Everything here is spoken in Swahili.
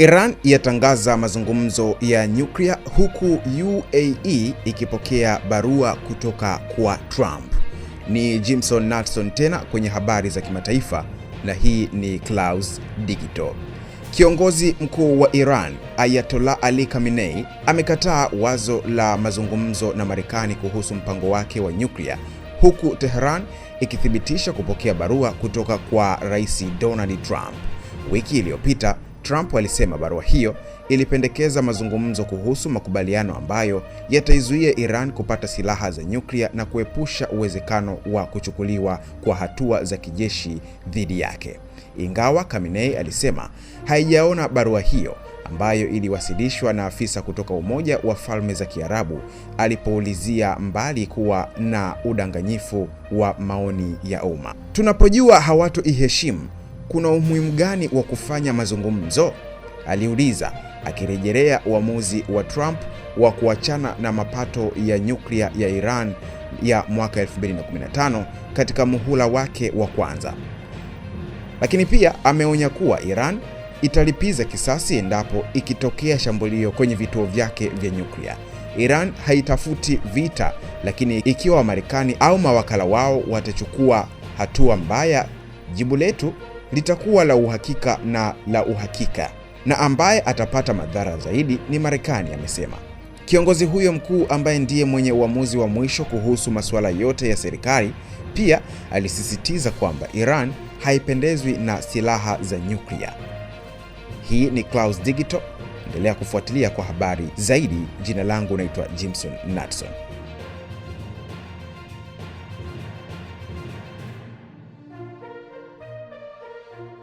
Iran yatangaza mazungumzo ya nyuklia huku UAE ikipokea barua kutoka kwa Trump. Ni Jimson Natson tena kwenye habari za kimataifa na hii ni Clouds Digital. Kiongozi mkuu wa Iran Ayatollah Ali Khamenei amekataa wazo la mazungumzo na Marekani kuhusu mpango wake wa nyuklia huku Tehran ikithibitisha kupokea barua kutoka kwa Rais Donald Trump. Wiki iliyopita Trump alisema barua hiyo ilipendekeza mazungumzo kuhusu makubaliano ambayo yataizuia Iran kupata silaha za nyuklia na kuepusha uwezekano wa kuchukuliwa kwa hatua za kijeshi dhidi yake. Ingawa kaminei alisema haijaona barua hiyo ambayo iliwasilishwa na afisa kutoka Umoja wa Falme za Kiarabu alipoulizia mbali kuwa na udanganyifu wa maoni ya umma. Tunapojua hawatoiheshimu kuna umuhimu gani wa kufanya mazungumzo? aliuliza akirejelea uamuzi wa Trump wa kuachana na mapato ya nyuklia ya Iran ya mwaka 2015 katika muhula wake wa kwanza. Lakini pia ameonya kuwa Iran italipiza kisasi endapo ikitokea shambulio kwenye vituo vyake vya nyuklia. Iran haitafuti vita, lakini ikiwa Wamarekani au mawakala wao watachukua hatua mbaya, jibu letu litakuwa la uhakika na la uhakika, na ambaye atapata madhara zaidi ni Marekani, amesema kiongozi huyo mkuu ambaye ndiye mwenye uamuzi wa mwisho kuhusu masuala yote ya serikali. Pia alisisitiza kwamba Iran haipendezwi na silaha za nyuklia. Hii ni Clouds Digital. Endelea kufuatilia kwa habari zaidi. Jina langu naitwa Jimson Natson.